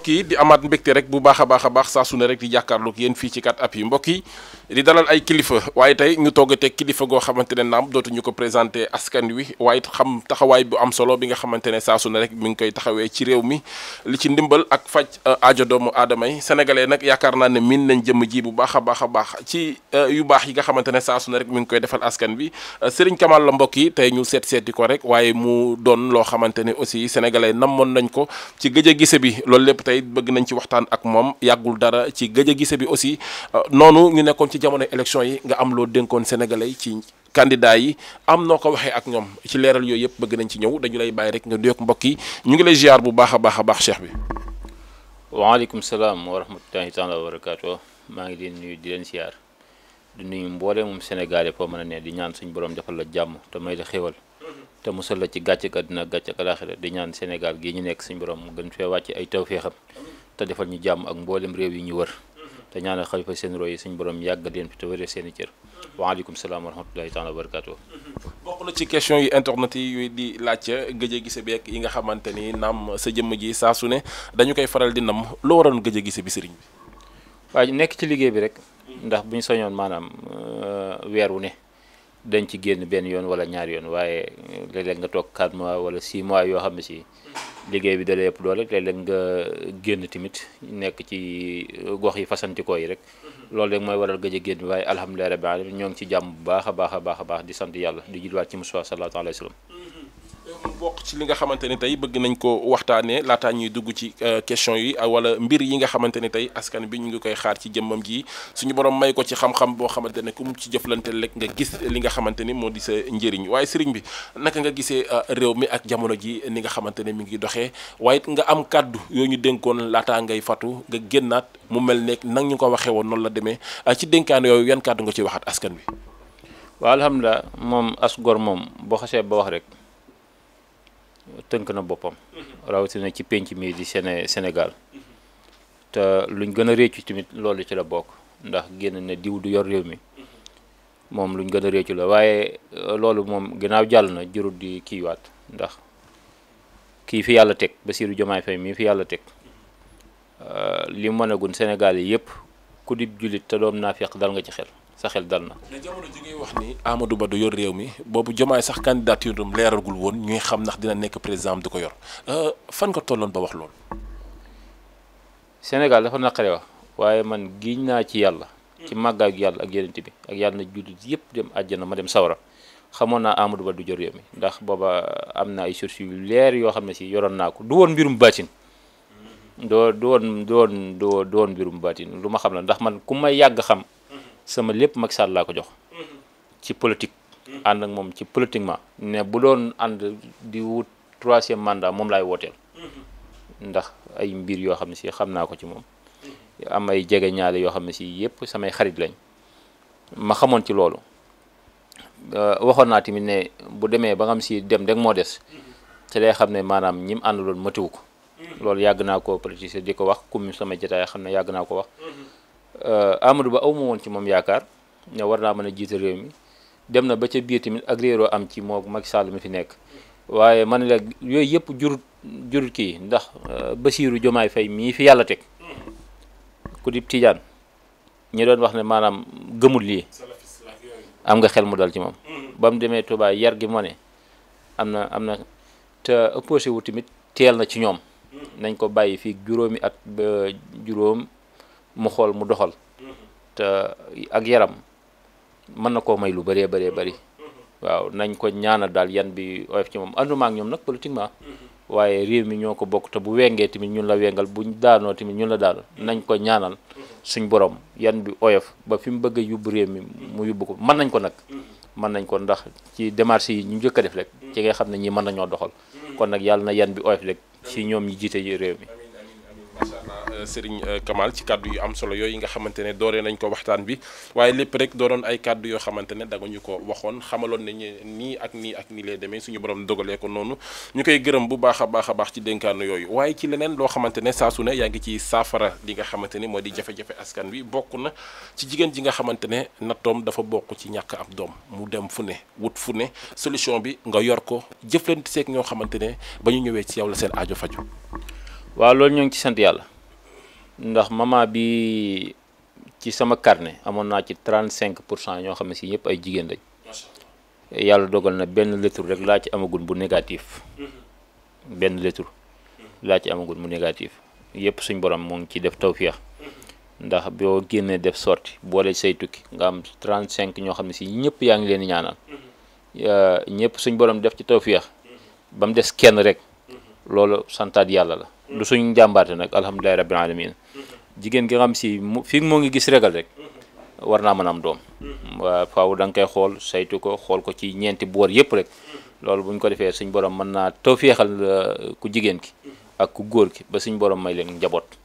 mbokk di amaat mbekk rek bu baax a baax a baax saa rek di jàkkaarloog yéen fii ci 4appuis yi mbokk yi di dalal ay kilifa waaye tey ñu toggatee kilifa goo xamante ne naam dootuñu ko présenté askan wi waaye xam taxawaay bu am solo bi nga xamante ne saa su ne rek mi ngi koy taxawee ci réew mi li ci ndimbal ak faj euh, aajo doomu aadama yi sénégalais nag yaakaar naa ne miin nañ jëm ji bu baax a baax a baax ci euh, yu baax yi nga xamante ne saa su ne rek mi ngi koy defal askan bi euh, Serigne Kamal la mbokk yi tey ñu seet seeti ko rek waaye mu doon loo xamante ne aussi sénégalais namoon nañ ko ci gëj a gise bi loolu lépp tey bëgg nañ ci waxtaan ak moom yàggul dara ci gëj a gise bi aussi euh, noonu ñu nekkoon ci jamono élection yi nga am loo dénkoon sénégalais ci kandidaa yi am noo ko waxee ak ñoom ci leeral yooyu yëpp bëgg nañ ci ñëw dañu lay bàyyi rek nga nuyoog mbokk yi ñu ngi lay ziar bu baax a baax a baax cheikh bi waaleykum salaam wa rahmatulahi taala wa barakaatu maa ngi leen nuyu di leen du di nuyu mboole moom sénégalais foo mën a ne di ñaan suñu borom defal la jàmm te may la xéwal te musal la ci gàcc ak àddina gàcc ak di ñaan Sénégal gii ñu nekk suñu borom mu gën fee wàcce ay tawféexam te defal ñu jàmm ak mboolem réew yi ñu wër te ñaanal xalifa seen roy yi suñu borom yàgg leen fi te wëree seeni i cër waaleykum salaam wa rahmatullahi taala wa barakaatu. bokk na ci question yi internet yi di laajte gëj a gise yi nga xamante ni naam sa jëmm ji saa su ne dañu koy faral di namm loo waroon gëj a gise bi sëriñ bi. waaye nekk ci liggéey bi rek. ndax bu ñu soñoon maanaam euh, weer ne. dañ ci génn benn yoon wala ñaari yoon waaye léeg nga toog 4 mois wala 6 mois yoo xam ne si liggéey bi dalee yëpp doole léeg-léeg nga génn tamit nekk ci gox yi fasantikoo yi rek mm-hmm. loolu rek mooy waral gëj a génn waaye alhamdulilah rabbil alamin ñoo ngi ci jàmm bu baax a baax a baax a baax di sant yàlla di julliwaat ci Mustafa sallallahu alayhi wa sallam mm-hmm. mu bokk ci li nga xamante ne tey bëgg nañ ko waxtaanee laataa ñuy dugg ci euh, question yi euh, wala mbir yi nga xamante ne tey askan bi ñu ngi koy xaar ci jëmmam ji suñu borom may ko ci xam-xam boo xamante ne ku ci jëflante rek nga gis li nga xamante ni moo di sa njëriñ waaye sëriñ bi naka nga gisee euh, réew mi ak jamono ji ni nga xamante ne mi ngi doxee waaye nga am kàddu yoo ñu dénkoon laataa ngay fatu nga génnaat mu mel nekk nag ñu ko waxee woon noonu la demee ci dénkaan yooyu yan kàddu nga ciy waxaat askan bi. waaw alhamdulilah moom as gor moom boo xasee ba wax rek tënk na boppam rawatina ci pénc mii di Séné Sénégal te luñ gën a réccu tamit loolu ci la bokk ndax génn ne diw du yor réew mi moom luñ gën a réccu la waaye euh, loolu moom ginnaaw jàll na jurut di kiiwaat ndax kii fi yàlla teg Bassirou Diomaye Faye mii fi yàlla teg euh, li mën a gun Sénégal yi yëpp ku di jullit te doom naa feq dal nga ci xel sa xel dal na. mais jamono ji ngay wax ni Amadou Ba du yor réew mi boobu Diomaye sax candidature am leeragul woon ñuy xam ndax dina nekk président du ko yor euh, fan ko tolloon ba wax loolu. Sénégal dafa naqare wax waaye man giñ naa ci yàlla. ci hmm. màggaay gi yàlla ak ak yàlla na jullit yëpp dem na ma dem sawara xamoon naa Amadou Ba du jor réew mi ndax booba am na ay sources yu leer yoo xam ne si yoron naa ko du woon mbirum baatin hmm. doo du woon mbirum baatin lu ma xam la sama lépp Macky Sall laa ko jox mhm. ci politique mhm. ànd ak moom ci politiquement ne bu doon ànd di wut troisième mandat moom laay wooteel mhm. ndax ay mbir yoo xam ne si xam naa ko ci moom am ay jege ñaale yoo xam ne si yëpp samay xarit lañ ma xamoon ci loolu euh, waxoon naa tamit ne bu demee ba nga xam si dem rek moo des te day xam ne maanaam ñi mu àndaloon matiwu ko loolu yàgg naa ko politicien di ko wax comme sama jotaay xam ne yàgg naa ko wax Euh, Amadou Ba aw ma woon ci moom yaakaar ne war naa mën a jiite réew mi dem na ba ca biir tamit ak réeroo am ci moo Macky Sall mi fi nekk waaye man la yooyu yëpp jurut jurut kii ndax euh, Bassirou Diomaye Faye mii fi yàlla teg ku di Tidiane ñi doon wax ne maanaam gëmul lii am nga xel mu dal ci moom ba mu demee Touba yar gi moo ne am na am na te opposé wu tamit teel na ci ñoom hmm. nañ ko bàyyi fii juróomi at juróom mu xool mu doxal te ak yaram mën na koo may lu bëree bëree bari waaw nañ ko ñaanal daal yan bi oyof ci moom ànduma ak ñoom nag politiquement waaye réew mi ñoo ko bokk te bu wengee tamit ñun la wengal buñ daanoo tamit ñun la daal nañ ko ñaanal suñ borom yan bi oyof ba fi mu bëgg a yóbbu réew mi mu yóbbu ko mën nañ ko nag mën nañ ko ndax ci démarche yi ñu njëkk def rek ci nga xam ne ñi mën nañoo doxal kon nag yàlla na yan bi oyof rek ci ñoom ñi jiite réew mi Euh, Serigne euh, Kamal ci kàddu yu am solo yooyu nga xamante ne dooree nañ ko waxtaan bi waaye lépp rek doonoon ay kàddu yoo xamante ne dagañu ko waxoon xamaloon nañu nii ak nii ak nii lay demee suñu borom dogalee ko noonu ñu koy gërëm bu baax a baax a baax ci dénkaanu yooyu waaye ci leneen loo xamante ne saa su ne yaa ngi ci saafara li nga xamante ne moo di jafe-jafe askan wi bokk na ci jigéen ji nga xamante ne nattoom dafa bokk ci ñàkk am doom mu dem fu ne wut fu ne solution bi nga yor ko jëflante seeg ñoo xamante ne ba ñu ñëwee ci yow la seen aajo faju waaw loolu ñoo ngi ci sant yàlla ndax maman bi ci sama kar ne amoon naa ci 35 pour cent ñoo xam ne si ñëpp ay jigéen lañ yàlla dogal na benn lettre rek laa ci amagul bu négatif mm-hmm. benn lettre laa ci amagul mu négatif yëpp suñ borom moo ngi ci def tawféex mm-hmm. ndax boo génnee def sorti boole say tukki nga am 35 ñoo xam ne si ñëpp yaa ngi leen di ñaanal mm-hmm. ñëpp suñ borom def ci tawféex ba mu des kenn rek loolu santaad yàlla la. du suñ jàmbaate nag alhamdulilahi rabbil alamin jigéen gi xam si mu fii moo ngi gis regal rek war naa mën am doom waa faaw da nga koy xool saytu ko xool ko ci ñeenti boor yëpp rek loolu bu ñu ko defee suñ borom mën naa tawféexal euh, ku jigéen ki ak ku góor ki ba suñ borom may leen njaboot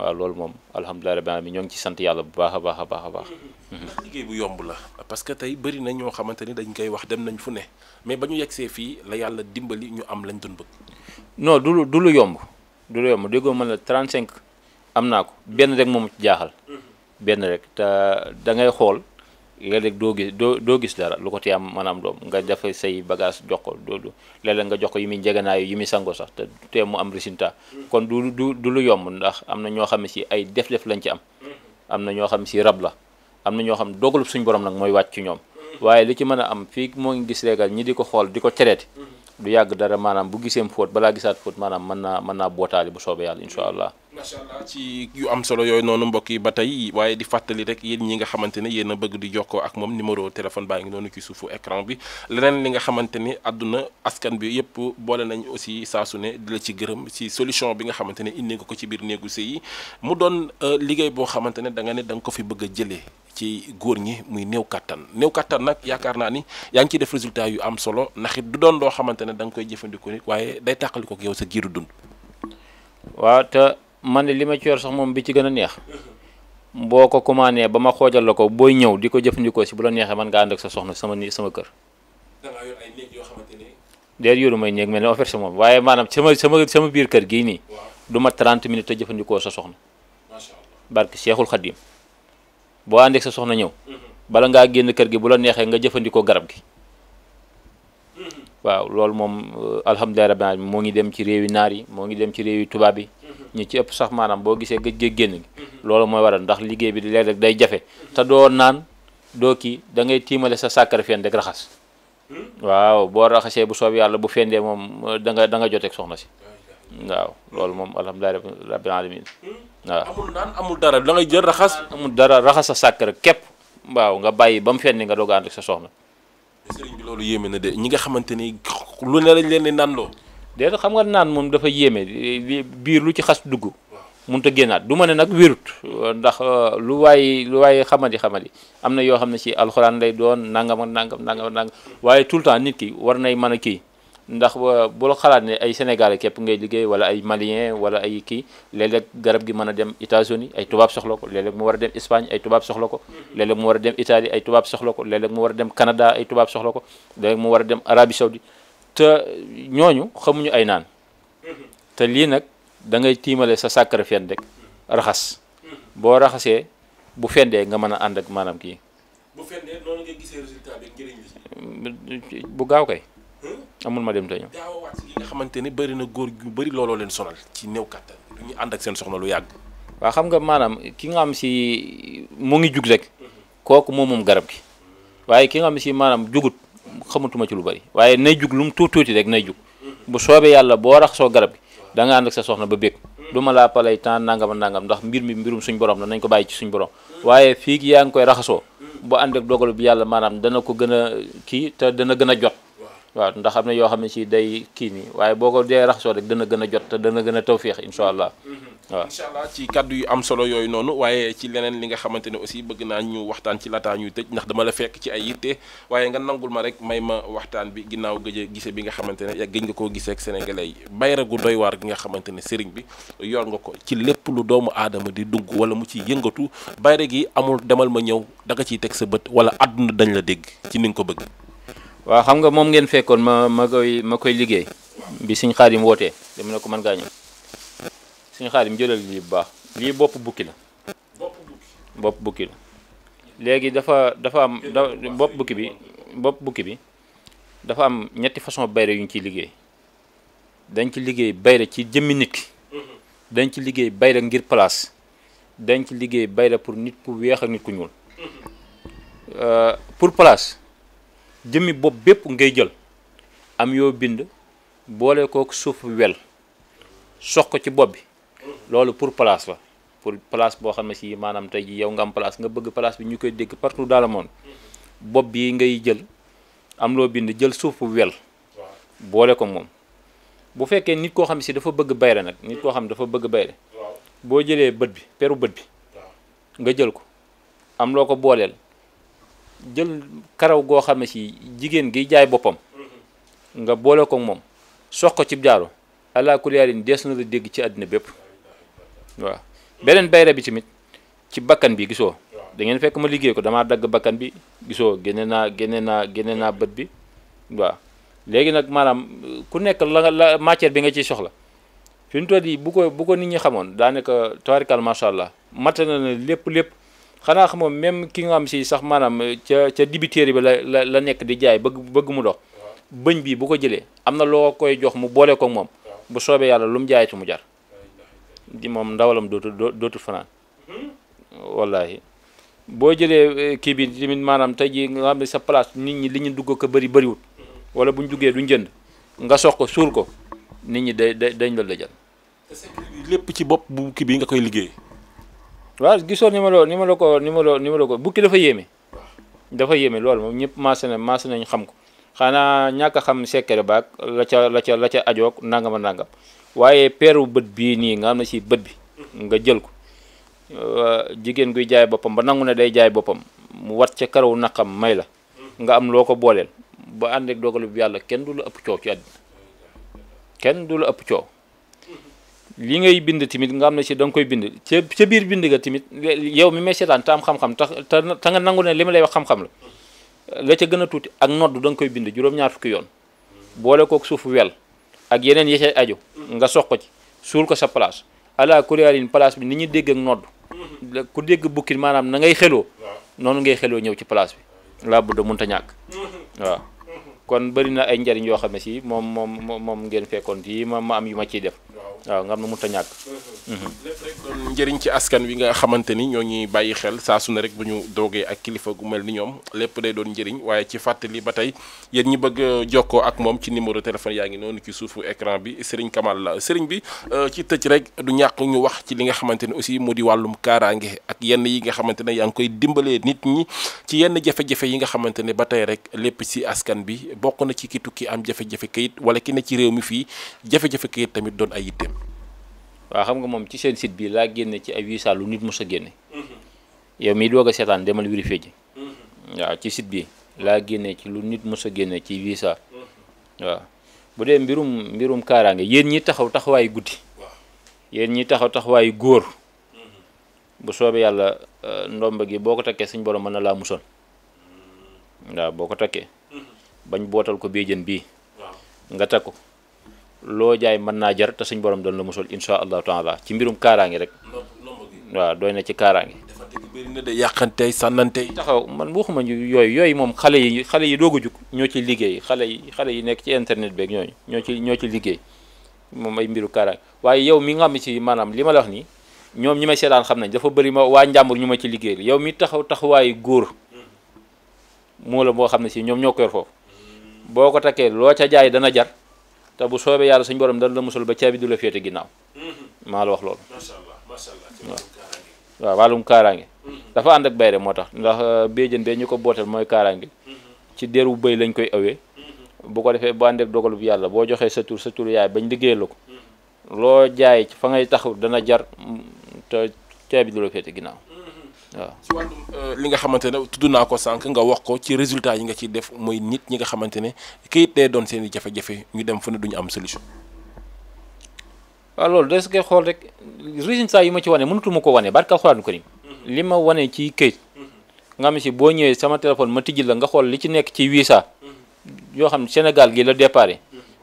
waaw loolu moom alhamdulilah rabbil alamin ñoo ngi ci sant yàlla bu baax a baax a baax a baax. ndax liggéey bu yomb la parce que tey bëri na ñoo xamante ni dañ koy wax dem nañ fu ne mais ba ñu yegsee fii la yàlla dimbali ñu am lañ doon bëgg. lu yomb. du lu yomb déggoo man la cinq am naa ko benn rek moom ci jaaxal mm-hmm. benn rek te da ngay xool léeg-léeg doo gis doo doo gis dara lu ko ci am maanaam doom nga dafa say bagage jox ko doo léeg nga jox ko yi muy njeganaayu yi muy sango sax te te mu am résultat mm-hmm. kon du du du lu yomb ndax am na ñoo xam ne si ay def-def lañ ci am mm-hmm. am na ñoo xam si rab la am na ñoo xam dogalub suñu borom nag mooy wàcc ci ñoom waaye li ci mën a am fii moo ngi gis léegal ñi di ko xool di ko tereeti du yàgg dara maanaam bu giseem fóot balaa gisaat fóot maanaam mën naa mën naa bootaali bu soobee yàlla incha allah macha allah ci yu am solo yooyu noonu mbokk yi ba tey waaye di fàttali rek yéen ñi nga xamante ne yéen a bëgg di jokkoo ak moom numéro téléphone baa ngi noonu ci suufu écran bi leneen li nga xamante ni àdduna askan bi yëpp boole nañ aussi saa su ne di la ci gërëm ci solution bi nga xamante ne indi nga ko ci biir néegu sëy yi mu doon euh, liggéey boo xamante ne da nga ne da nga ko fi bëgg a jëlee ci góor ñi muy néew kattan néew kattan nag yaakaar naa ni yaa ngi ciy def résultat yu am solo ndax it doon loo xamante ne da koy jëfandikoo waaye day tàqali ko yow sa giiru dund man de li ma ci yor sax moom bi ci gën a neex boo ko commandé ba ma xoojal la ko booy ñëw di ko jëfandikoo si bu la neexee man nga ànd ak sa soxna sama ni sama kër. da ngaa may néeg mel ne offert sa moom waaye maanaam sama sama sama biir kër gii nii. du ma 30 minutes te jëfandikoo sa soxna. macha allah barke Cheikhul Khadim boo sa soxna ñëw. Mhm. bala ngaa génn kër gi bu la neexee nga jëfandikoo garab gi. Mhm. waaw loolu moom euh, alhamdulilah rabbil alamin moo ngi dem ci réewi naar yi moo ngi dem ci réewi tubaab yi ñi ci ëpp sax maanaam boo gisee gëj gëj génn gi loolu mooy waral ndax liggéey bi di leeg day jafe te doo naan doo kii da ngay tiimale sa sàkkar fen rek raxas waaw boo raxasee bu soob yàlla bu fendee moom da nga da nga joteeg soxna si waaw loolu moom alhamdulilah rabbil alamin waaw amul naan amul dara da ngay raxas amul dara raxas sa sàkkar képp waaw nga bàyyi ba mu fendi nga doog sa soxna loolu yéeme na de ñi nga xamante ni lu ne leen di déedéet xam nga naan moom dafa yéeme biir lu ci xas dugg mënut a génnaat du ma ne nag wérut ndax euh, lu waay lu waay xamadi xamadi am na yoo xam ne ci alxuraan lay doon nangam ak nangam nangam waaye tout le temps nit ki war nay mën a kii ndax euh, bul xalaat ne ay sénégalais képp ngay liggéey wala ay malien wala ay kii léeg-léeg garab gi mën a dem états-unis ay tubaab soxla ko léeg-léeg mu war a dem espagne ay tubaab soxla ko léeg-léeg mu war a dem italie ay tubaab soxla ko léeg-léeg mu a dem canada ay tubaab soxla ko mu war a dem arabie saoudite te ñooñu xamuñu ay naan te lii nag dangay tiimale sa sàkkara fen rek raxas boo raxasee bu fendee nga mën a ànd ak maanaam kii. bu fendee noonu nga gisee hmm? ma dem te ñëw. xamante ni bëri na góor yu bëri looloo leen sonal ci néew ànd ak seen soxna lu yàgg. waaw xam nga maanaam ki nga xam si mu ngi jug rek hmm. kooku moom moom garab gi hmm. waaye ki nga xam si maanaam jugut. xamatuma ci lu bari waaye nay jug lu mu tuuti tuuti rek nay jug bu soobee yàlla boo raxasoo garab gi da nga ànd ak sa soxna ba békk du ma laa palay temps nangam ak ndax mbir mi mbirum suñ borom la nañ ko bàyyi ci suñ borom waaye fii gi yaa ngi koy raxasoo bu ànd ak dogalu bi yàlla maanaam dana ko gën a kii te dana gën a jot waaw ndax xam ne yoo xam ne si day kii nii waaye boo ko dee raxasoo rek dana gën a jot te dana gën a tawféex incha allah mm-hmm. waaw incha allah ci kàddu yu am solo yooyu noonu waaye ci leneen li nga xamante ne aussi bëgg naa ñu waxtaan ci lataa ñuy tëj ndax dama la fekk ci ay yitte waaye nga nangul ma rek may ma waxtaan bi ginnaaw gëj gise bi nga xamante ne yaa gëj nga koo gisee ak sénégalais yi bayra gu doy waar gi nga xamante ne sëriñ bi yor nga ko ci lépp lu doomu aadama di dugg wala mu ciy yëngatu bayra gi amul demal ma ñëw danga ciy teg sa bët wala àdduna dañ la dégg ci ni ng ko bëgg. waaw xam nga moom ngeen fekkoon ma ma ma koy liggéey bi suñ xaadim wootee dem na ko mën suñu xaadim jëlal lii bu baax lii bopp bukki la bopp bukki la léegi dafa dafa am bopp bukki bi bopp bukki bi dafa am ñetti façon bayre yu ñu ciy liggéey dañ ci liggéey bayre ci jëmmi nit ki mhm. dañ ci liggéey bayre ngir place dañ ci liggéey bayre pour nit ku weex ak nit ku ñuul mhm. euh, pour place jëmmi bopp bépp ngay jël am yoo bind boole kook suuf wel sox ko ci bopp bi loolu pour place la pour place boo xam ne si maanaam tey yow nga am place nga bëgg place bi ñu koy dégg partout dans le bopp bi ngay jël am loo bind jël suuf bu wel boole ko moom bu fekkee nit koo xam si dafa bëgg bayre nag nit koo xam dafa bëgg bayre boo jëlee bët bi peru bët bi nga jël ko am loo ko booleel jël karaw goo xam ne si jigéen gi jaay boppam mm-hmm. nga boole ko moom sox ko ci jaaro allah kulli dees na la dégg ci àddina bépp waaw beneen bayra bi tamit ci bakkan bi gisoo da ngeen fekk ma liggéey ko damaa dagg bakkan bi gisoo génnee naa génnee naa génnee naa bët bi waaw léegi nag maanaam ku nekk la nga la matière bi nga ciy soxla fi mu toll yi bu ko bu ko nit ñi xamoon daanaka tawarikal macha allah mat na lépp lépp xanaa xamoon même ki nga xam si sax maanaam ca ca dibiteeri bi la la nekk di jaay bëgg bëgg mu dox bëñ bi bu ko jëlee am na loo koy jox mu boole ko moom bu soobee yàlla lu mu jaayatu mu jar di moom ndawalam dootul dootul fanaan wallaahi boo jëlee eh, kii bi tamit maanaam tey ji nga xam ne sa place nit ñi li ñu dugg ko bari bëriwut wala bu ñu duggee duñ jënd nga sox ko suur ko nit ñi day day dañ la dajal. lépp ci bopp bu kii bi nga koy liggéey. waaw gisoo ni ma ni ma la ko ni ma ko bukki dafa yéeme. dafa yéeme loolu moom ñëpp maase na maase nañu xam ko xanaa ñàkk a xam secret baak la ca la ca la ca ajoog nangam a waaye peeru bët bii nii nga xam ne si bët bi nga jël ko euh, jigéen guy jaay boppam ba nangu ne day jaay boppam mu wat ca karaw naqam may la nga am loo ko booleel ba ànd ak dogalu bi yàlla kenn du la ëpp coow ci kenn du ëpp coow li ngay bind tamit nga am ne si da nga koy bind ca ca biir bind ga tamit yow mi may seetaan te am xam-xam tax te nga nangu ne li ma lay wax xam-xam la la ca gën a tuuti ak nodd da koy bind juróom-ñaar fukki yoon boole kook suufu wel ak yeneen yi ca aju nga sox ko ci suul ko sa place ala kuréelin place bi ni ñu dégg ak nodd mm-hmm. ku dégg bukki maanaam na ngay xeloo noonu ngay xeloo ñëw ci place bi mm-hmm. laa budda mënta ñàkk mm-hmm. waaw kon bëri na ay njariñ yoo xam ne si moom moom moom ngeen fekkoon fii ma ma am yu ma ciy def waaw nga am na mënut a ñàkk. Mhm. doon njëriñ ci askan wi nga xamante ni ñoo ñuy bàyyi xel saa su ne rek bu ñu doogee ak kilifa gu mel ni ñoom lépp day doon njëriñ waaye ci fàttali ba tey yéen ñi bëgg jokkoo ak moom ci numéro téléphone yaa ngi noonu ci suufu ecran bi Serigne Kamal la Serigne bi euh, ci tëj rek du ñàkk ñu wax ci li nga xamante ni aussi mu di wàllum kaaraange ak yenn yi nga xamante ne yaa ngi koy dimbalee nit ñi ci yenn jafe-jafe yi nga xamante ne ba tey rek lépp ci askan bi bokk na ci ki am jafe kayit wala ki ci réew mi fii jafe-jafe tamit doon ay yitteem waaw xam nga moom ci seen site bi laa génne ci ay visa lu nit mos a génne. yow mii doog a seetaan demal vérifier ji. waaw ci site bi laa génne ci lu nit mos a génne ci visa. waaw bu dee mbirum mbirum kaaraange yéen ñi taxaw taxawaayu guddi. yéen ñi taxaw taxawaayu góor. bu soobee yàlla euh, ndomb gi boo ko takkee suñ borom mën na laa musoon. waaw boo ko takkee. bañ bootal ko béjjën bii. nga takk ko. loo jaay mën naa jar te suñ borom doon la musal insha allahu taala ci mbirum kaaraange rek waaw doy na ci kaaraange bëri na de yàqante sànnante yi taxaw man waxuma ñu yooyu yooyu moom xale yi xale yi doog a ñoo ci liggéey xale yi xale yi nekk ci internet beeg ñooñu ñoo ci ñoo ci liggéey moom ay mbiru kaaraange waaye yow mi nga xam ci maanaam li ma la wax nii ñoom ñi may seetaan xam nañ dafa bëri ma waa njàmbur ñu ma ci liggéeyal yow mi taxaw taxawaayu góor moo la boo xam ne si ñoom ñoo ko boo ko takkee loo ca jaay dana jar te bu soobee yàlla sañ borom dana la musal ba caabi du la féete ginnaaw mm-hmm. maa la wax loolu. macha allah macha kaaraange. Mm-hmm. dafa ànd ak bayre moo tax ndax euh, béjjën bee ñu ko booteel mooy kaaraange. Mm-hmm. ci deru bëy lañ koy awee. bu ko defee bu ànd ak yàlla boo joxee sa tur sa tur yaay bañ liggéeyal la ko. loo jaay fa ngay taxaw dana jar mm, te caabi du la féete ginnaaw. waaw euh, li nga xamante ne tudd naa ko sànq nga wax ko ci résultat yi nga ci def mooy nit ñi nga xamante ne kayit day doon seen i jafe-jafe ñu dem fu ne duñu am solution. waaw loolu des koy xool rek résultat yi ma ci wane mënatuma ko wane barka alxuraan ko ni mm-hmm. li ma wane ci kayit. Mm-hmm. nga xam si boo ñëwee sama téléphone ma tijji la nga xool li ci nekk ci visa mm-hmm. yoo xam Sénégal gi la déparé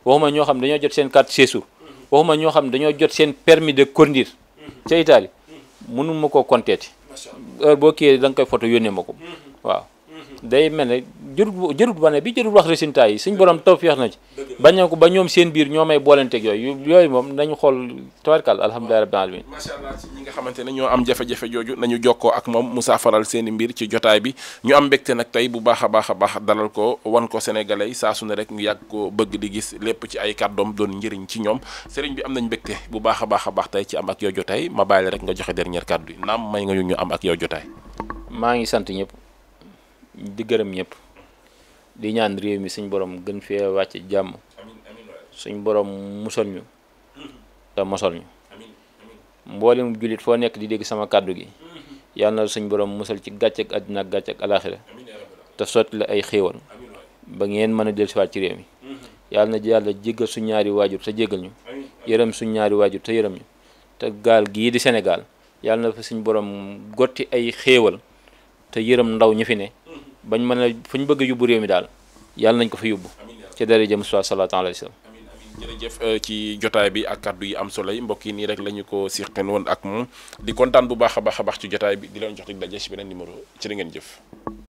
waxuma ñoo xam dañoo jot seen carte séjour waxuma ñoo xam dañoo jot seen permis de conduire mënuma koo compter heure boo kii da nga koy photo yónnee ma mm-hmm. waaw day mel ne jërut jërut wane bi jërut wax résultat yi suñ borom tawfeex na ci bañ na ko ba ñoom seen biir ñoo may boolenteeg yooyu yooyu moom nañu xool tawarkal alhamdulilah rabbil alamin nga xamante ne ñoo am jafe jooju nañu jokkoo ak moom Moussa Faral seen mbir ci jotaay bi ñu am mbégte nag tey bu baax a baax a baax dalal ko wan ko sénégalais yi saa su ne rek ñu yàgg ko bëgg di gis lépp ci ay kàddoom doon njëriñ ci ñoom sëriñ bi am nañ mbégte bu baax a baax a baax tey ci am ak yow jotaay ma bàyyi rek nga joxe dernier kàddu yi naam may nga ñu am ak yow jotaay maa ngi sant ñëpp di gërëm ñëpp di ñaan réew mi suñ borom gën fee wàcc jàmm suñ boroom musal ñu te mosal ñu mboolem jullit foo nekk di dégg sama kàddu gi yàlla na suñ borom musal ci gàcceeg àddina ak gàcceeg alaaxira te sotti la ay xéewal ba ngeen mën a dellusiwaat ci réew mi yàlla na yàlla jéggal suñ ñaari waajur sa jéggal ñu yërëm suñ ñaari waajur te yërëm ñu te gaal gii di Sénégal yàlla na fa suñ boroom gotti ay xéewal te yërëm ndaw ñi fi ne bañ mën a fu ñu bëgg a yóbbu réew mi daal yàlla nañ ko fa yóbbu ci dara jëm soi salaatu alayhi wa sallam jërëjëf euh, ci jotaay bi ak kàddu yi am solo yi mbokk yi nii rek la ñu ko siixteen woon ak moom di kontaan bu baax a baax a baax ci jotaay bi di leen jox dig daje ci beneen numéro ci la ngeen jëf